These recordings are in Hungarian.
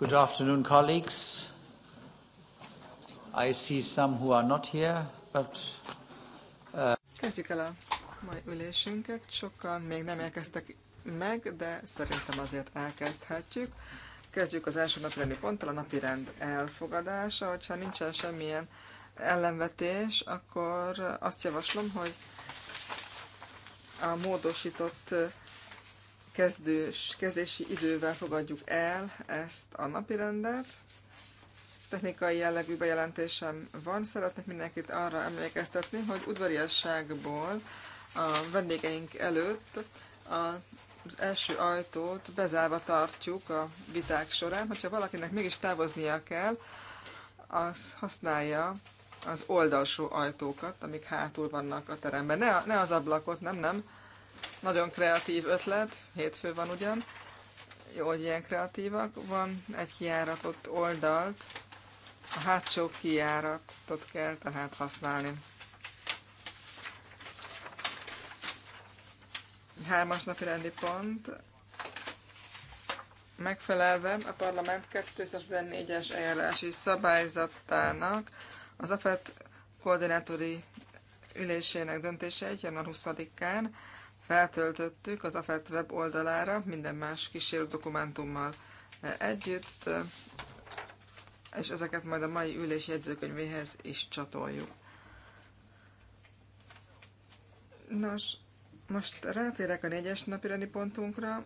Good afternoon, colleagues. I see some who are not here, but... Uh, Kezdjük el a mai ülésünket. Sokan még nem elkezdtek meg, de szerintem azért elkezdhetjük. Kezdjük az első napirendi ponttal, a napirend elfogadása. Hogyha nincsen semmilyen ellenvetés, akkor azt javaslom, hogy a módosított kezdős, kezdési idővel fogadjuk el ezt a napirendet. Technikai jellegű bejelentésem van. Szeretnék mindenkit arra emlékeztetni, hogy udvariasságból a vendégeink előtt az első ajtót bezárva tartjuk a viták során. Hogyha valakinek mégis távoznia kell, az használja az oldalsó ajtókat, amik hátul vannak a teremben. Ne, ne az ablakot, nem, nem nagyon kreatív ötlet, hétfő van ugyan. Jó, hogy ilyen kreatívak. Van egy kiáratott oldalt, a hátsó kiáratot kell tehát használni. Hármas napi rendi pont. Megfelelve a parlament 214-es eljárási szabályzatának az AFET koordinátori ülésének döntése egy január 20-án feltöltöttük az AFET web oldalára minden más kísérő dokumentummal együtt, és ezeket majd a mai ülés jegyzőkönyvéhez is csatoljuk. Nos, most rátérek a négyes napireni pontunkra,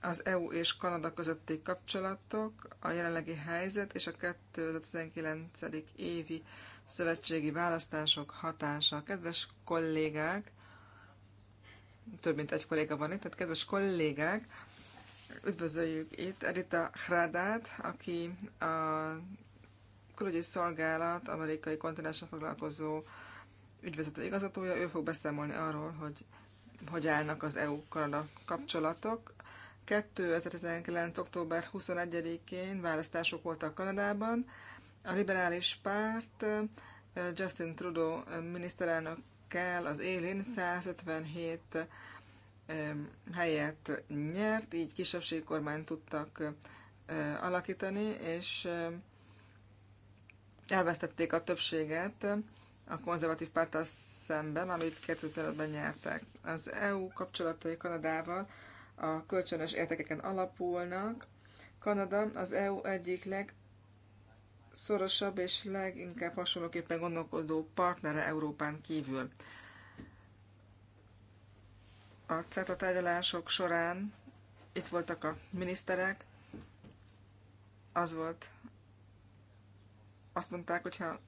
az EU és Kanada közötti kapcsolatok, a jelenlegi helyzet és a 2019. évi szövetségi választások hatása. Kedves kollégák, több mint egy kolléga van itt, tehát kedves kollégák, üdvözöljük itt Erita Hrádát, aki a külügyi szolgálat amerikai kontinenssel foglalkozó ügyvezető igazgatója. Ő fog beszámolni arról, hogy hogy állnak az EU-Kanada kapcsolatok. 2019. október 21-én választások voltak Kanadában. A liberális párt eh, Justin Trudeau miniszterelnök kell az élén 157 helyet nyert, így kisebbségi kormányt tudtak alakítani, és elvesztették a többséget a konzervatív párttal szemben, amit 2005-ben nyertek. Az EU kapcsolatai Kanadával a kölcsönös értékeken alapulnak. Kanada az EU egyik leg legszorosabb és leginkább hasonlóképpen gondolkodó partnere Európán kívül. A CETA tárgyalások során itt voltak a miniszterek, az volt, azt mondták, hogyha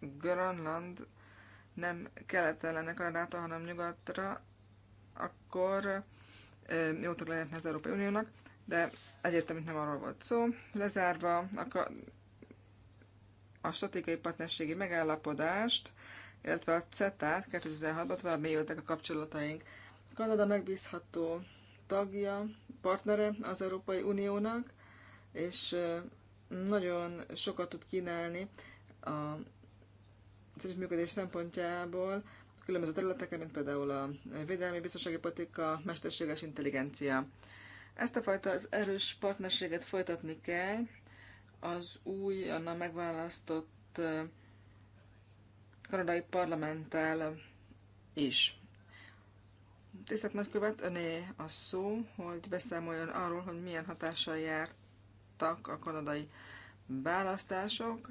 Grönland nem keleten lenne Kanadától, hanem nyugatra, akkor jótok lehetne az Európai Uniónak de egyértelmű, nem arról volt szó. Lezárva a, a stratégiai partnerségi megállapodást, illetve a CETA-t 2016-ban tovább mélyültek a kapcsolataink. Kanada megbízható tagja, partnere az Európai Uniónak, és nagyon sokat tud kínálni a az működés szempontjából különböző területeken, mint például a védelmi biztonsági politika, mesterséges intelligencia. Ezt a fajta az erős partnerséget folytatni kell az új, annak megválasztott kanadai parlamenttel is. Tisztelt nagykövet, öné a szó, hogy beszámoljon arról, hogy milyen hatással jártak a kanadai választások,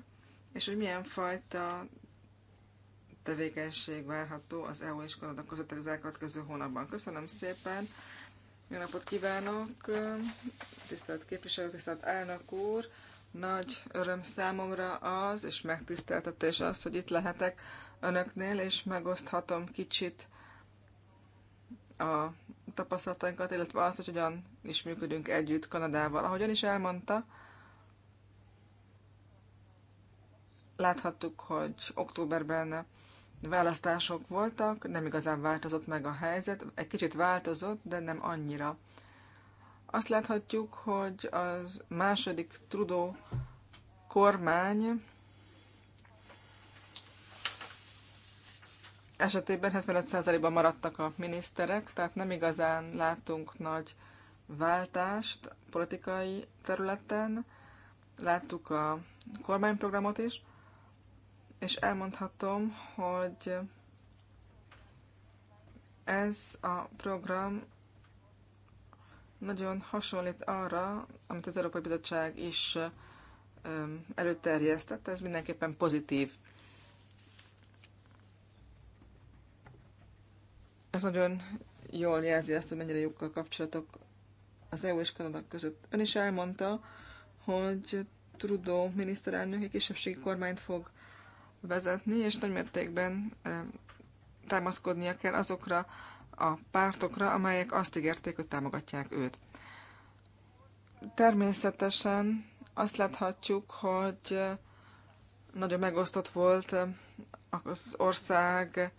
és hogy milyen fajta tevékenység várható az EU és Kanada között az elkövetkező hónapban. Köszönöm szépen, jó napot kívánok, tisztelt képviselő, tisztelt elnök úr! Nagy öröm számomra az, és megtiszteltetés az, hogy itt lehetek önöknél, és megoszthatom kicsit a tapasztalatainkat, illetve azt, hogy hogyan is működünk együtt Kanadával. Ahogyan is elmondta, láthattuk, hogy októberben választások voltak, nem igazán változott meg a helyzet, egy kicsit változott, de nem annyira. Azt láthatjuk, hogy az második Trudeau kormány esetében 75%-ban maradtak a miniszterek, tehát nem igazán látunk nagy váltást politikai területen. Láttuk a kormányprogramot is és elmondhatom, hogy ez a program nagyon hasonlít arra, amit az Európai Bizottság is előterjesztett, ez mindenképpen pozitív. Ez nagyon jól jelzi azt, hogy mennyire jók a kapcsolatok az EU és Kanada között. Ön is elmondta, hogy Trudeau miniszterelnök egy kisebbségi kormányt fog vezetni, és nagymértékben támaszkodnia kell azokra a pártokra, amelyek azt ígérték, hogy támogatják őt. Természetesen azt láthatjuk, hogy nagyon megosztott volt az ország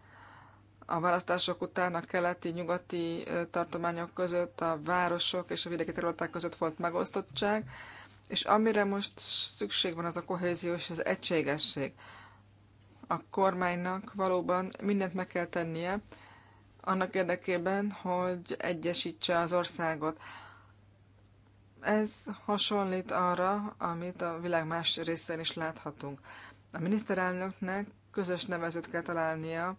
a választások után a keleti-nyugati tartományok között, a városok és a vidéki területek között volt megosztottság, és amire most szükség van, az a kohézió és az egységesség a kormánynak valóban mindent meg kell tennie annak érdekében, hogy egyesítse az országot. Ez hasonlít arra, amit a világ más részén is láthatunk. A miniszterelnöknek közös nevezőt kell találnia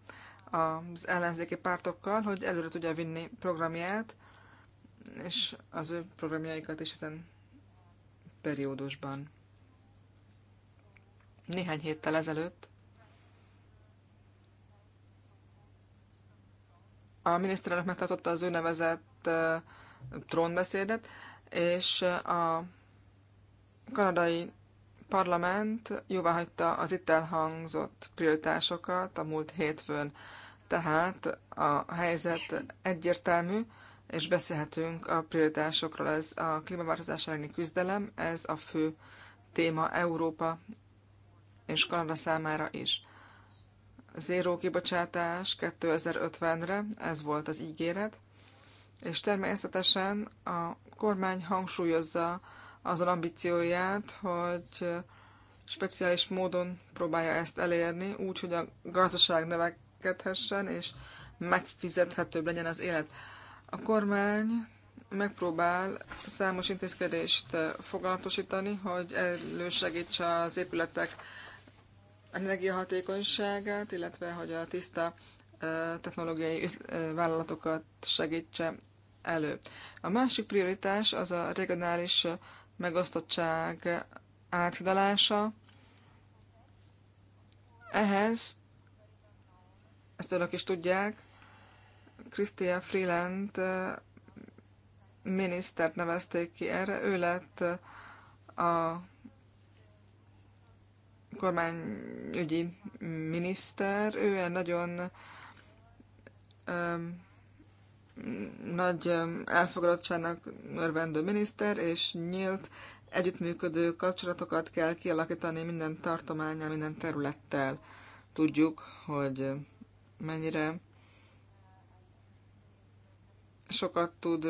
az ellenzéki pártokkal, hogy előre tudja vinni programját, és az ő programjaikat is ezen periódusban. Néhány héttel ezelőtt a miniszterelnök megtartotta az úgynevezett trónbeszédet, és a kanadai parlament jóváhagyta az itt elhangzott prioritásokat a múlt hétfőn. Tehát a helyzet egyértelmű, és beszélhetünk a prioritásokról. Ez a klímaváltozás elleni küzdelem, ez a fő téma Európa és Kanada számára is zéró kibocsátás 2050-re, ez volt az ígéret, és természetesen a kormány hangsúlyozza azon ambícióját, hogy speciális módon próbálja ezt elérni, úgy, hogy a gazdaság növekedhessen, és megfizethetőbb legyen az élet. A kormány megpróbál számos intézkedést foganatosítani, hogy elősegítse az épületek energiahatékonyságát, illetve hogy a tiszta technológiai vállalatokat segítse elő. A másik prioritás az a regionális megosztottság áthidalása. Ehhez, ezt önök is tudják, Christia Freeland minisztert nevezték ki erre. Ő lett a kormányügyi miniszter, ő egy nagyon um, nagy elfogadottságnak örvendő miniszter, és nyílt együttműködő kapcsolatokat kell kialakítani minden tartományjal, minden területtel. Tudjuk, hogy mennyire sokat tud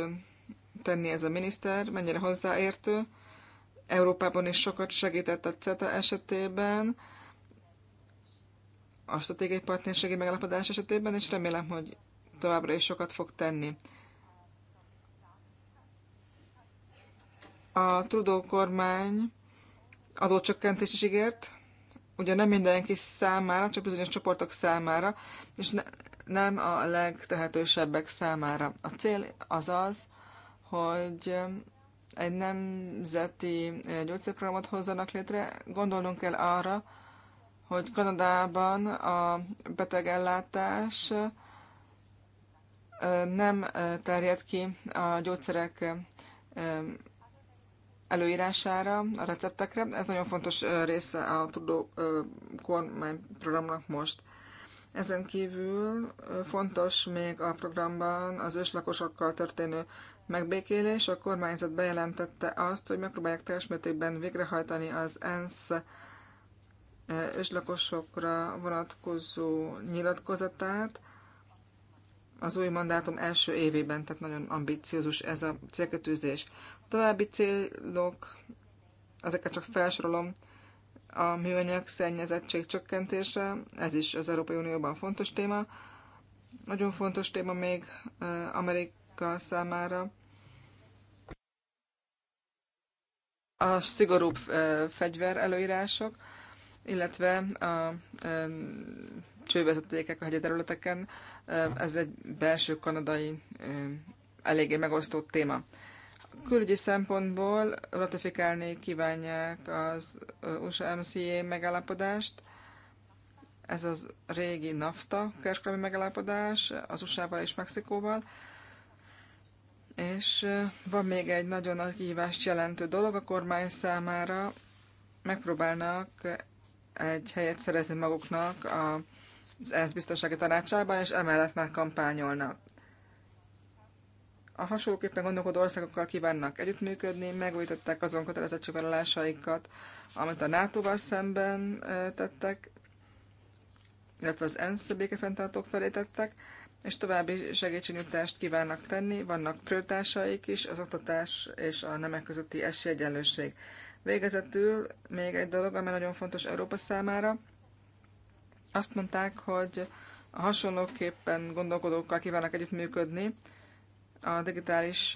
tenni ez a miniszter, mennyire hozzáértő, Európában is sokat segített a CETA esetében, a stratégiai partnerségi megállapodás esetében, és remélem, hogy továbbra is sokat fog tenni. A Trudeau kormány adócsökkentést is ígért, ugye nem mindenki számára, csak bizonyos csoportok számára, és ne, nem a legtehetősebbek számára. A cél az az, hogy egy nemzeti eh, gyógyszerprogramot hozzanak létre. Gondolnunk kell arra, hogy Kanadában a betegellátás eh, nem eh, terjed ki a gyógyszerek előírására, a receptekre. Ez nagyon fontos része a tudó kormányprogramnak most. Ezen kívül fontos még a programban az őslakosokkal történő megbékélés. A kormányzat bejelentette azt, hogy megpróbálják teljes mértékben végrehajtani az ENSZ őslakosokra vonatkozó nyilatkozatát az új mandátum első évében, tehát nagyon ambiciózus ez a célkötőzés. További célok, ezeket csak felsorolom, a műanyag szennyezettség csökkentése, ez is az Európai Unióban fontos téma. Nagyon fontos téma még Amerika számára. A szigorúbb fegyver előírások, illetve a csővezetékek a hegyi területeken, ez egy belső kanadai eléggé megosztott téma külügyi szempontból ratifikálni kívánják az USA-MCA megállapodást. Ez az régi NAFTA kereskedelmi megállapodás az USA-val és Mexikóval. És van még egy nagyon nagy kihívást jelentő dolog a kormány számára. Megpróbálnak egy helyet szerezni maguknak az ENSZ biztonsági tanácsában, és emellett már kampányolnak a hasonlóképpen gondolkodó országokkal kívánnak együttműködni, megújították azon kötelezettségvállalásaikat, amit a NATO-val szemben tettek, illetve az ENSZ békefenntartók felé tettek, és további segítségnyújtást kívánnak tenni, vannak prioritásaik is, az oktatás és a nemek közötti esélyegyenlőség. Végezetül még egy dolog, ami nagyon fontos Európa számára. Azt mondták, hogy a hasonlóképpen gondolkodókkal kívánnak együttműködni, működni, a digitális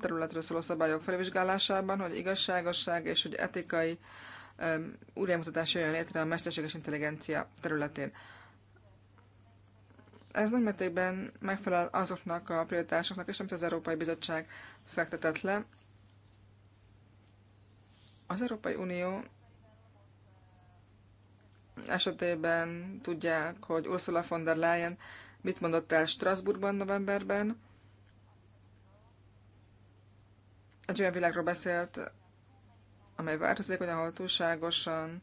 területről szóló szabályok felvizsgálásában, hogy igazságosság és hogy etikai újraimutatás jön létre a mesterséges intelligencia területén. Ez nagy mértékben megfelel azoknak a prioritásoknak és amit az Európai Bizottság fektetett le. Az Európai Unió esetében tudják, hogy Ursula von der Leyen mit mondott el Strasbourgban novemberben, egy olyan világról beszélt, amely változékony, ahol túlságosan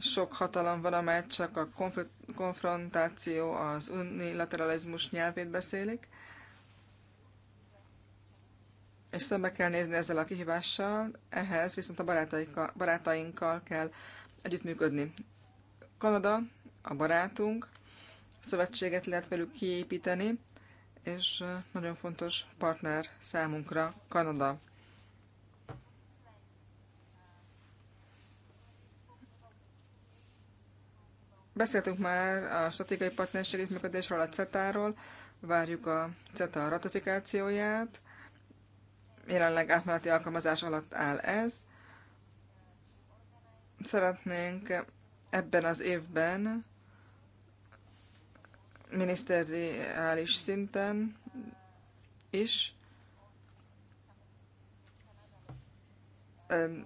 sok hatalom van, amely csak a konfrontáció, az unilateralizmus nyelvét beszélik, és szembe kell nézni ezzel a kihívással, ehhez viszont a barátainkkal, barátainkkal kell együttműködni. Kanada a barátunk, szövetséget lehet velük kiépíteni, és nagyon fontos partner számunkra Kanada. Beszéltünk már a stratégiai partnerség működésről, a CETA-ról, várjuk a CETA ratifikációját. Jelenleg átmeneti alkalmazás alatt áll ez. Szeretnénk ebben az évben miniszteriális szinten is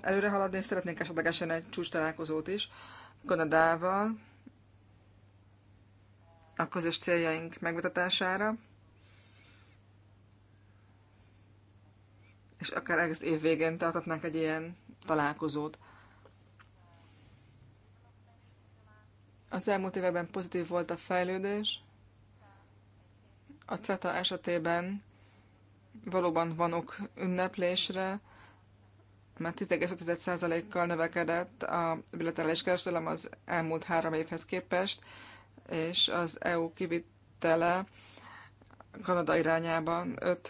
előre haladni, és szeretnénk esetlegesen egy csúcs találkozót is Kanadával, a közös céljaink megmutatására, és akár egész év végén tartatnánk egy ilyen találkozót. Az elmúlt években pozitív volt a fejlődés. A CETA esetében valóban van ok ünneplésre, mert 10,5%-kal növekedett a bilaterális kereskedelem az elmúlt három évhez képest, és az EU kivitele Kanada irányában 5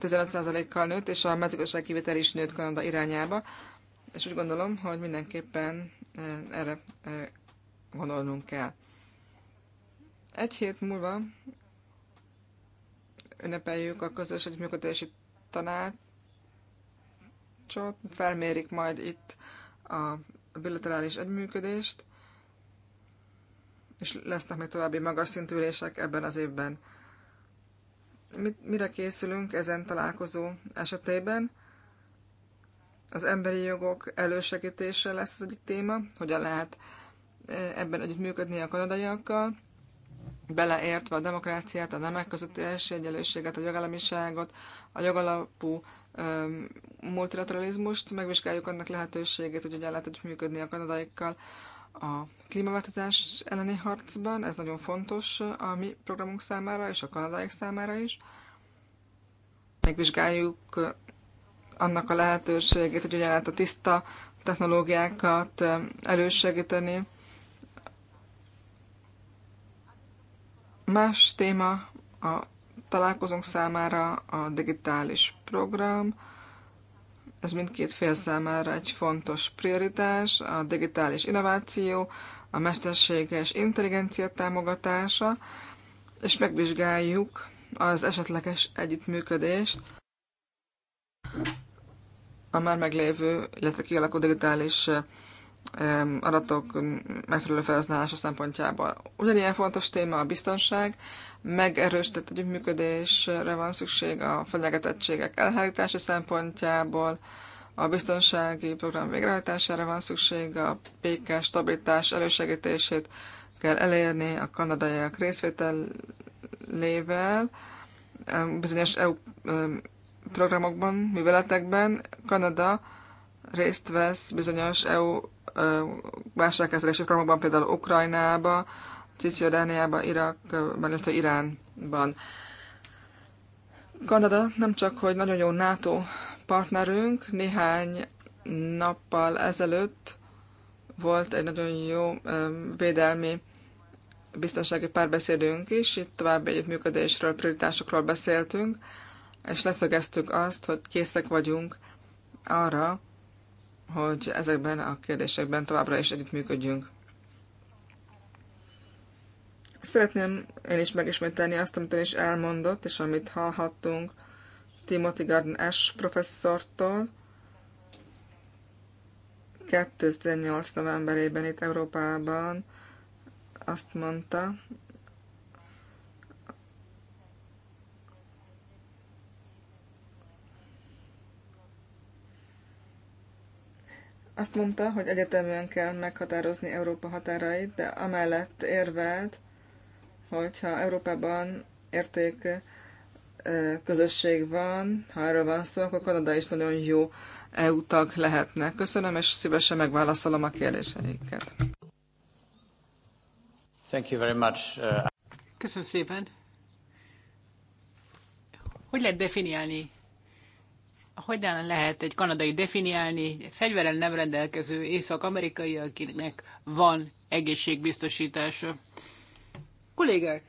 15%-kal nőtt, és a mezőgazdaság kivétel is nőtt Kanada irányába. És úgy gondolom, hogy mindenképpen e, erre e, gondolnunk kell. Egy hét múlva ünnepeljük a közös együttműködési tanácsot, felmérik majd itt a bilaterális együttműködést, és lesznek még további magas szintű ülések ebben az évben. Mit, mire készülünk ezen találkozó esetében? Az emberi jogok elősegítése lesz az egyik téma, hogyan lehet e, ebben együtt működni a kanadaiakkal, beleértve a demokráciát, a nemek közötti esélyegyenlőséget, a jogállamiságot, a jogalapú e, multilateralizmust, megvizsgáljuk annak lehetőségét, hogy hogyan lehet együtt működni a kanadaiakkal, a klímaváltozás elleni harcban, ez nagyon fontos a mi programunk számára és a kanadaiak számára is. Megvizsgáljuk annak a lehetőségét, hogy hogyan lehet a tiszta technológiákat elősegíteni. Más téma a találkozónk számára a digitális program, ez mindkét fél számára egy fontos prioritás, a digitális innováció, a mesterséges intelligencia támogatása, és megvizsgáljuk az esetleges együttműködést a már meglévő, illetve kialakú digitális adatok megfelelő felhasználása szempontjából. Ugyanilyen fontos téma a biztonság, megerősített együttműködésre van szükség a fenyegetettségek elhárítása szempontjából, a biztonsági program végrehajtására van szükség, a békés stabilitás elősegítését kell elérni a kanadaiak részvételével bizonyos EU programokban, műveletekben. Kanada részt vesz bizonyos EU válságkezelési programokban, például Ukrajnába, Cisjordániában, Irak, illetve Iránban. Kanada nem csak, hogy nagyon jó NATO partnerünk, néhány nappal ezelőtt volt egy nagyon jó védelmi biztonsági párbeszédünk is, itt további együttműködésről, prioritásokról beszéltünk, és leszögeztük azt, hogy készek vagyunk arra, hogy ezekben a kérdésekben továbbra is együttműködjünk. Szeretném én is megismételni azt, amit ön is elmondott, és amit hallhattunk Timothy Garden Ash professzortól 2008. novemberében itt Európában azt mondta, azt mondta, hogy egyetemben kell meghatározni Európa határait, de amellett érvelt, hogyha Európában érték közösség van, ha erről van szó, akkor Kanada is nagyon jó EU tag lehetne. Köszönöm, és szívesen megválaszolom a kérdéseiket. Thank you very much. Uh, Köszönöm szépen. Hogy lehet definiálni hogyan lehet egy kanadai definiálni, fegyverrel nem rendelkező észak-amerikai, akinek van egészségbiztosítása. Kollégák!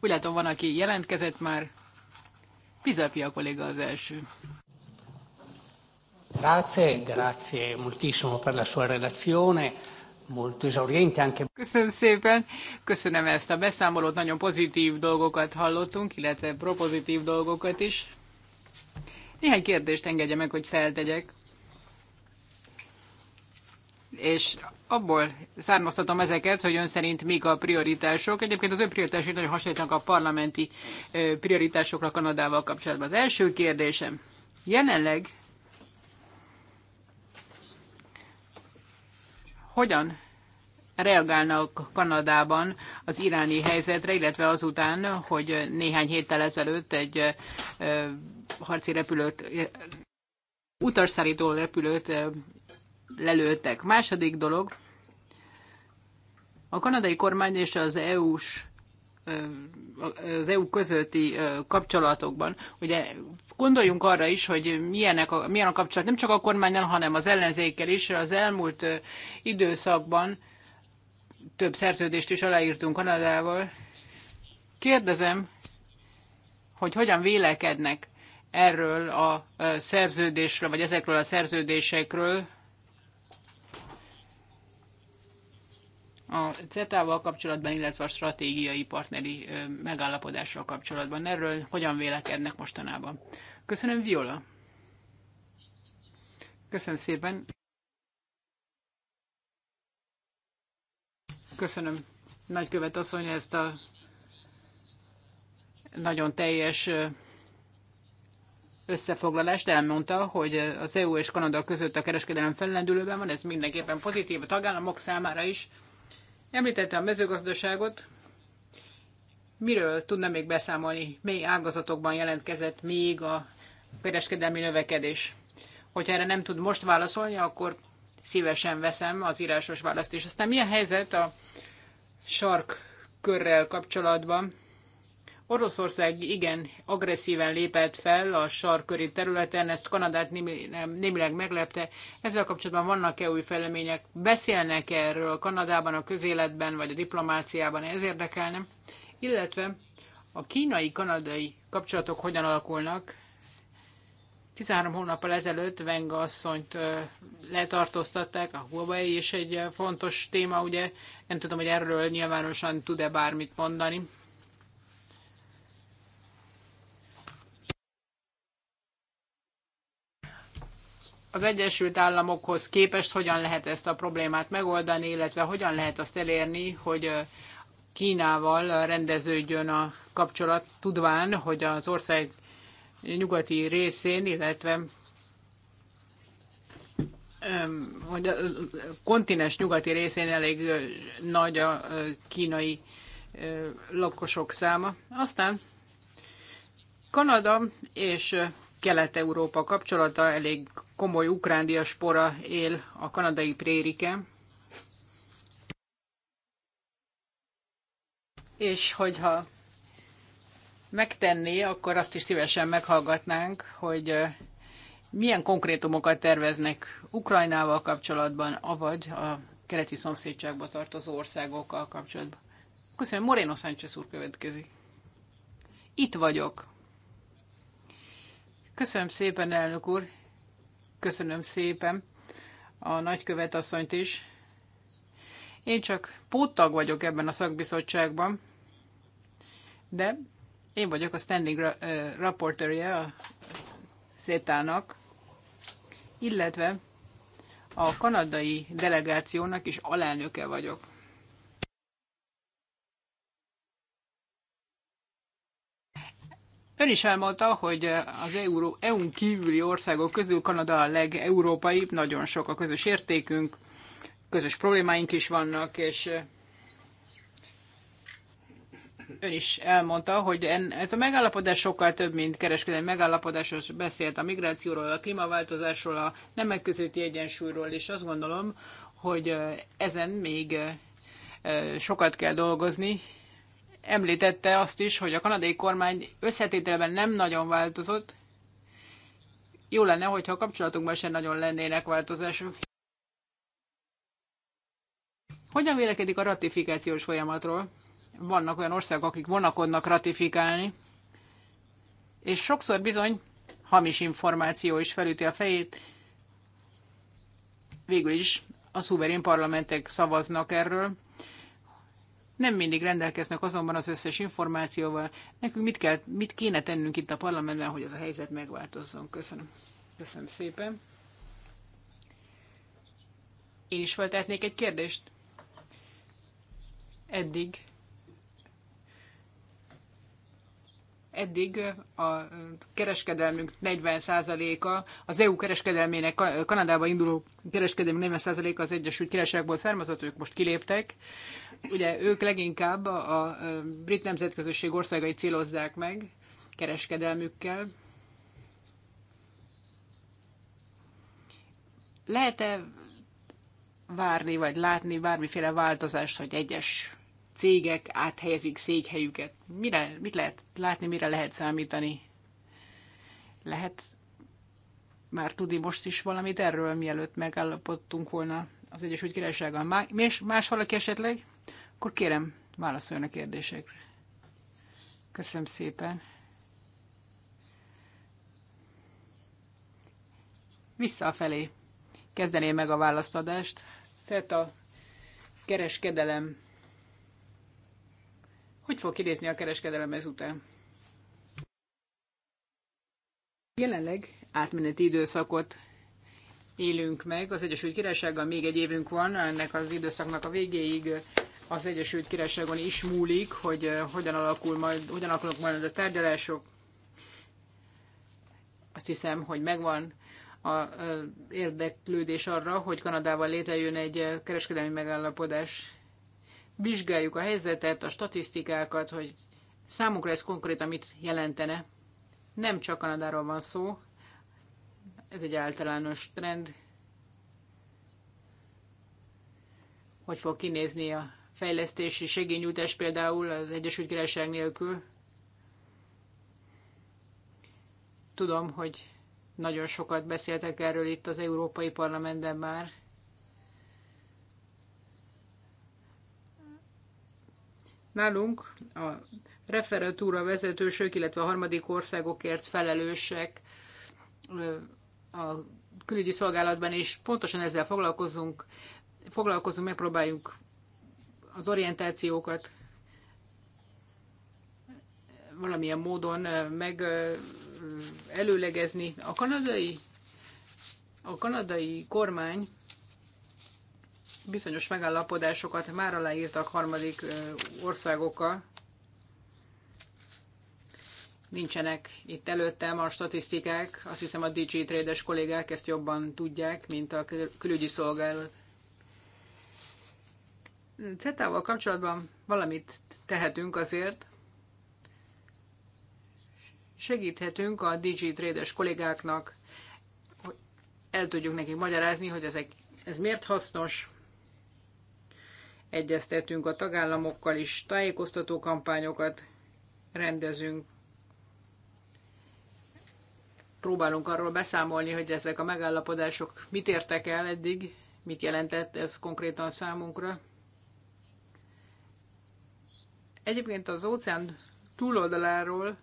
Úgy látom, van, aki jelentkezett már. Pizapia kolléga az első. Grazie, grazie moltissimo per la sua relazione. Molto esauriente anche. Köszönöm szépen, köszönöm ezt a beszámolót, nagyon pozitív dolgokat hallottunk, illetve propozitív dolgokat is. Néhány kérdést engedje meg, hogy feltegyek. És abból származtatom ezeket, hogy ön szerint mik a prioritások. Egyébként az ön prioritások nagyon hasonlítanak a parlamenti prioritásokra Kanadával kapcsolatban. Az első kérdésem. Jelenleg hogyan reagálnak Kanadában az iráni helyzetre, illetve azután, hogy néhány héttel ezelőtt egy harci repülőt, utasszállító repülőt lelőttek. Második dolog, a kanadai kormány és az EU-s az EU közötti kapcsolatokban. Ugye gondoljunk arra is, hogy milyenek a, milyen a kapcsolat nem csak a kormányon, hanem az ellenzékkel is. Az elmúlt időszakban több szerződést is aláírtunk Kanadával. Kérdezem, hogy hogyan vélekednek erről a szerződésről, vagy ezekről a szerződésekről, a CETA-val kapcsolatban, illetve a stratégiai partneri megállapodással kapcsolatban. Erről hogyan vélekednek mostanában? Köszönöm, Viola! Köszönöm szépen! Köszönöm, nagykövet asszony, ezt a nagyon teljes összefoglalást elmondta, hogy az EU és Kanada között a kereskedelem fellendülőben van, ez mindenképpen pozitív a tagállamok számára is. Említette a mezőgazdaságot. Miről tudna még beszámolni? Mely ágazatokban jelentkezett még a kereskedelmi növekedés? Hogyha erre nem tud most válaszolni, akkor szívesen veszem az írásos választ is. Aztán mi a helyzet a sark körrel kapcsolatban? Oroszország igen agresszíven lépett fel a sarköri területen, ezt Kanadát némileg meglepte. Ezzel kapcsolatban vannak-e új fejlemények? Beszélnek -e erről Kanadában, a közéletben vagy a diplomáciában? Ez érdekelne. Illetve a kínai-kanadai kapcsolatok hogyan alakulnak? 13 hónappal ezelőtt Venga asszonyt letartóztatták, a Huawei is egy fontos téma, ugye nem tudom, hogy erről nyilvánosan tud-e bármit mondani. az Egyesült Államokhoz képest hogyan lehet ezt a problémát megoldani, illetve hogyan lehet azt elérni, hogy Kínával rendeződjön a kapcsolat, tudván, hogy az ország nyugati részén, illetve hogy a kontinens nyugati részén elég nagy a kínai lakosok száma. Aztán Kanada és Kelet-Európa kapcsolata, elég komoly ukrán diaspora él a kanadai prérike. És hogyha megtenné, akkor azt is szívesen meghallgatnánk, hogy milyen konkrétumokat terveznek Ukrajnával kapcsolatban, avagy a keleti szomszédságba tartozó országokkal kapcsolatban. Köszönöm, Moreno Sánchez úr következik. Itt vagyok. Köszönöm szépen, elnök úr. Köszönöm szépen a nagykövet asszonyt is. Én csak póttag vagyok ebben a szakbizottságban, de én vagyok a standing ra- uh, raportőrje a szétának, illetve a kanadai delegációnak is alelnöke vagyok. Ön is elmondta, hogy az EU, EU-n kívüli országok közül Kanada a legeurópai, nagyon sok a közös értékünk, közös problémáink is vannak, és ön is elmondta, hogy ez a megállapodás sokkal több, mint kereskedelmi megállapodás, beszélt a migrációról, a klímaváltozásról, a nemek közötti egyensúlyról, és azt gondolom, hogy ezen még sokat kell dolgozni, említette azt is, hogy a kanadai kormány összetételben nem nagyon változott. Jó lenne, hogyha a kapcsolatunkban sem nagyon lennének változások. Hogyan vélekedik a ratifikációs folyamatról? Vannak olyan országok, akik vonakodnak ratifikálni, és sokszor bizony hamis információ is felüti a fejét. Végül is a szuverén parlamentek szavaznak erről, nem mindig rendelkeznek azonban az összes információval. Nekünk mit, kell, mit kéne tennünk itt a parlamentben, hogy ez a helyzet megváltozzon? Köszönöm. Köszönöm szépen. Én is feltehetnék egy kérdést. Eddig Eddig a kereskedelmünk 40%-a, az EU kereskedelmének, Kanadába induló kereskedelmünk 40%-a az Egyesült Királyságból származott, ők most kiléptek. Ugye ők leginkább a brit nemzetközösség országai célozzák meg kereskedelmükkel. Lehet-e várni, vagy látni bármiféle változást, hogy egyes cégek áthelyezik székhelyüket. Mire, mit lehet látni, mire lehet számítani? Lehet már tudni most is valamit erről, mielőtt megállapodtunk volna az Egyesült Királysággal. Más, más valaki esetleg? Akkor kérem, válaszoljon a kérdésekre. Köszönöm szépen. Vissza a felé. Kezdeném meg a választadást. Szert a kereskedelem hogy fog kinézni a kereskedelem ezután? Jelenleg átmeneti időszakot élünk meg. Az Egyesült Királysággal még egy évünk van, ennek az időszaknak a végéig az Egyesült Királyságon is múlik, hogy eh, hogyan, alakul majd, hogyan alakulnak majd a tárgyalások. Azt hiszem, hogy megvan a eh, érdeklődés arra, hogy Kanadával létrejön egy eh, kereskedelmi megállapodás vizsgáljuk a helyzetet, a statisztikákat, hogy számukra ez konkrétan mit jelentene. Nem csak Kanadáról van szó, ez egy általános trend. Hogy fog kinézni a fejlesztési segényújtás például az Egyesült Királyság nélkül? Tudom, hogy nagyon sokat beszéltek erről itt az Európai Parlamentben már, Nálunk a referatúra vezetősök, illetve a harmadik országokért felelősek a külügyi szolgálatban és pontosan ezzel foglalkozunk, foglalkozunk, megpróbáljuk az orientációkat valamilyen módon meg előlegezni. A kanadai, a kanadai kormány bizonyos megállapodásokat már aláírtak harmadik országokkal. Nincsenek itt előttem a statisztikák, azt hiszem a DG Trades kollégák ezt jobban tudják, mint a külügyi szolgálat. CETA-val kapcsolatban valamit tehetünk azért. Segíthetünk a DG Trades kollégáknak, hogy el tudjuk nekik magyarázni, hogy ezek, ez miért hasznos, egyeztetünk a tagállamokkal is, tájékoztató kampányokat rendezünk. Próbálunk arról beszámolni, hogy ezek a megállapodások mit értek el eddig, mit jelentett ez konkrétan számunkra. Egyébként az óceán túloldaláról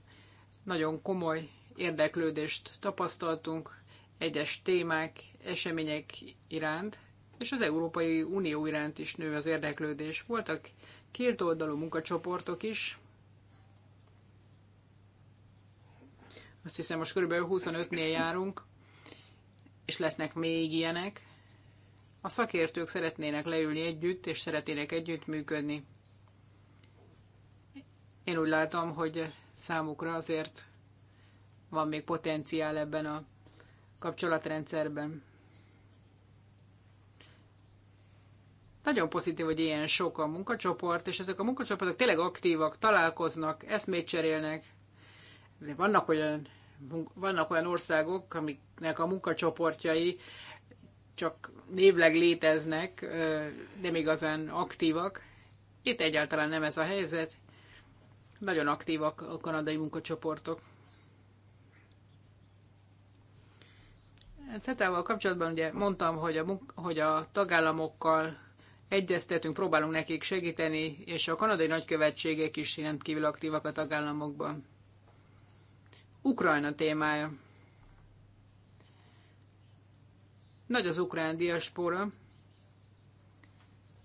nagyon komoly érdeklődést tapasztaltunk egyes témák, események iránt és az Európai Unió iránt is nő az érdeklődés. Voltak két oldalú munkacsoportok is. Azt hiszem, most kb. 25-nél járunk, és lesznek még ilyenek. A szakértők szeretnének leülni együtt, és szeretnének együtt működni Én úgy látom, hogy számukra azért van még potenciál ebben a kapcsolatrendszerben. Nagyon pozitív, hogy ilyen sok a munkacsoport, és ezek a munkacsoportok tényleg aktívak, találkoznak, eszmét cserélnek. Vannak olyan, vannak olyan országok, amiknek a munkacsoportjai csak névleg léteznek, nem igazán aktívak. Itt egyáltalán nem ez a helyzet. Nagyon aktívak a kanadai munkacsoportok. CETA-val kapcsolatban ugye mondtam, hogy a, munk- hogy a tagállamokkal egyeztetünk, próbálunk nekik segíteni, és a kanadai nagykövetségek is rendkívül aktívak a tagállamokban. Ukrajna témája. Nagy az ukrán diaspora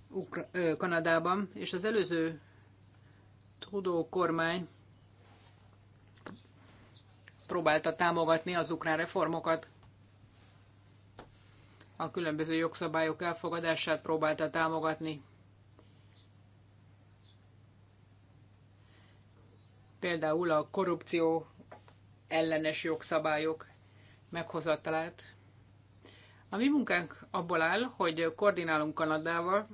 Ukra- ö, Kanadában, és az előző tudó kormány próbálta támogatni az ukrán reformokat a különböző jogszabályok elfogadását próbálta támogatni. Például a korrupció ellenes jogszabályok meghozatalát. A mi munkánk abból áll, hogy koordinálunk Kanadával,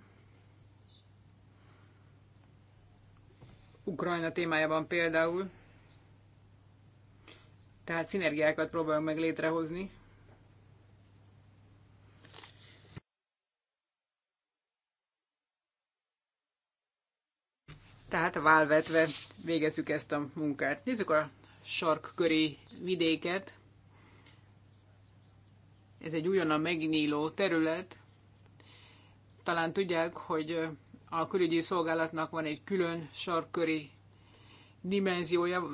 Ukrajna témájában például, tehát szinergiákat próbálunk meg létrehozni. tehát válvetve végezzük ezt a munkát. Nézzük a sarkköri vidéket. Ez egy újonnan megnyíló terület. Talán tudják, hogy a külügyi szolgálatnak van egy külön sarkköri dimenziója.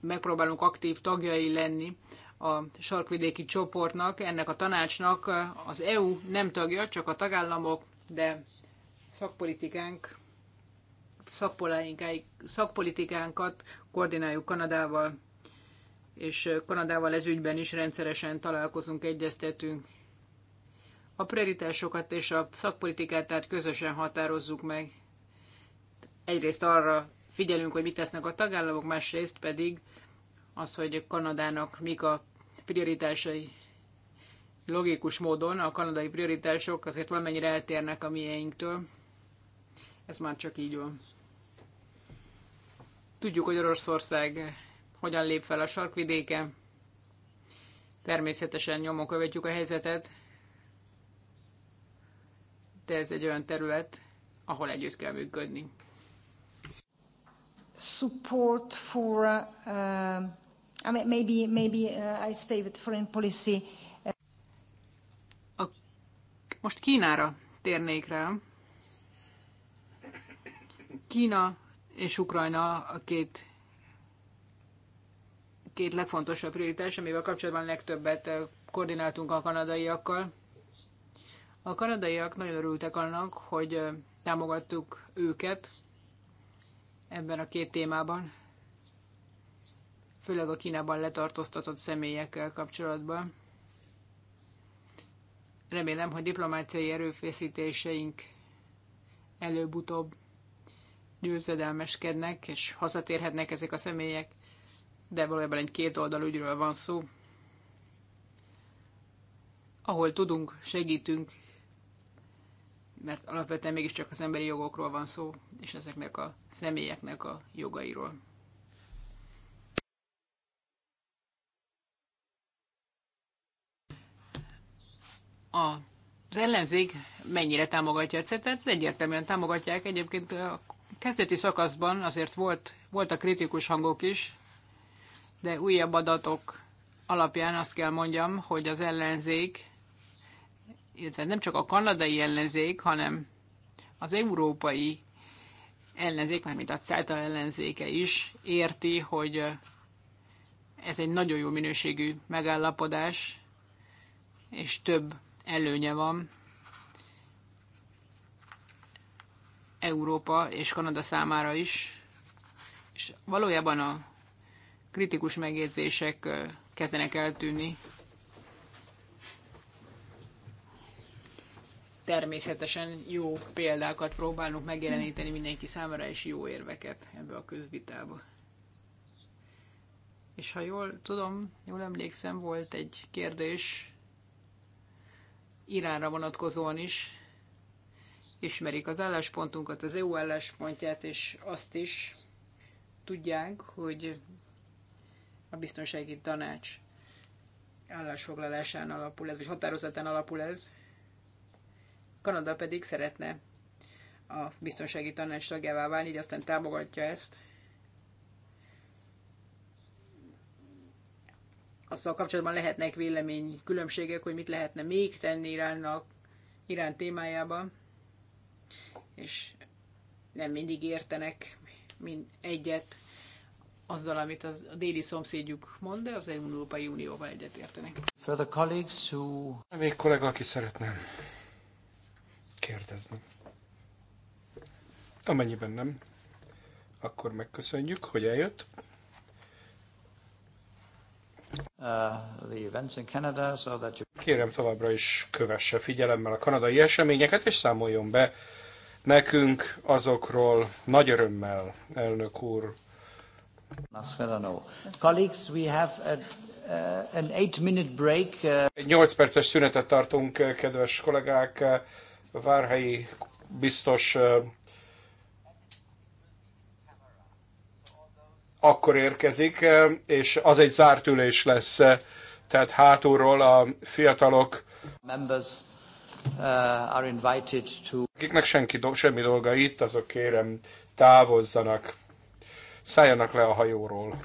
Megpróbálunk aktív tagjai lenni a sarkvidéki csoportnak, ennek a tanácsnak az EU nem tagja, csak a tagállamok, de szakpolitikánk szakpolitikánkat koordináljuk Kanadával, és Kanadával ez ügyben is rendszeresen találkozunk, egyeztetünk. A prioritásokat és a szakpolitikát tehát közösen határozzuk meg. Egyrészt arra figyelünk, hogy mit tesznek a tagállamok, másrészt pedig az, hogy Kanadának mik a prioritásai. Logikus módon a kanadai prioritások azért valamennyire eltérnek a miénktől. Ez már csak így van. Tudjuk, hogy Oroszország hogyan lép fel a sarkvidéke. Természetesen nyomon követjük a helyzetet, de ez egy olyan terület, ahol együtt kell működni. Support for, uh, I mean, maybe, maybe uh, I stay with foreign policy. A, most Kínára térnék rá. Kína és Ukrajna a két, két legfontosabb prioritás, amivel kapcsolatban legtöbbet eh, koordináltunk a kanadaiakkal. A kanadaiak nagyon örültek annak, hogy eh, támogattuk őket ebben a két témában, főleg a Kínában letartóztatott személyekkel kapcsolatban. Remélem, hogy diplomáciai erőfészítéseink előbb-utóbb győzedelmeskednek, és hazatérhetnek ezek a személyek, de valójában egy két oldal ügyről van szó. Ahol tudunk, segítünk, mert alapvetően mégiscsak az emberi jogokról van szó, és ezeknek a személyeknek a jogairól. A az ellenzék mennyire támogatja a CETET? egyértelműen támogatják egyébként a kezdeti szakaszban azért volt, voltak kritikus hangok is, de újabb adatok alapján azt kell mondjam, hogy az ellenzék, illetve nem csak a kanadai ellenzék, hanem az európai ellenzék, mármint a CETA ellenzéke is érti, hogy ez egy nagyon jó minőségű megállapodás, és több előnye van, Európa és Kanada számára is, és valójában a kritikus megjegyzések kezdenek eltűnni. Természetesen jó példákat próbálunk megjeleníteni mindenki számára, és jó érveket ebbe a közvitába. És ha jól tudom, jól emlékszem, volt egy kérdés Iránra vonatkozóan is, ismerik az álláspontunkat, az EU álláspontját, és azt is tudják, hogy a biztonsági tanács állásfoglalásán alapul ez, vagy határozatán alapul ez. Kanada pedig szeretne a biztonsági tanács tagjává válni, így aztán támogatja ezt. Azzal kapcsolatban lehetnek vélemény különbségek, hogy mit lehetne még tenni Iránnak, Irán témájában és nem mindig értenek mind egyet azzal, amit az, a déli szomszédjuk mond, de az Európai Unióval egyet értenek. Further colleagues who... Még kollega, aki szeretne kérdezni. Amennyiben nem, akkor megköszönjük, hogy eljött. Uh, Kérem továbbra is kövesse figyelemmel a kanadai eseményeket, és számoljon be nekünk azokról nagy örömmel, elnök úr. Colleagues, we have a, uh, an eight minute break. Uh, egy nyolc perces szünetet tartunk, uh, kedves kollégák. Várhelyi biztos akkor érkezik, és az egy zárt ülés lesz, tehát hátulról a fiatalok members Uh, are invited to... Akiknek senki, semmi dolga itt, azok kérem távozzanak, szálljanak le a hajóról.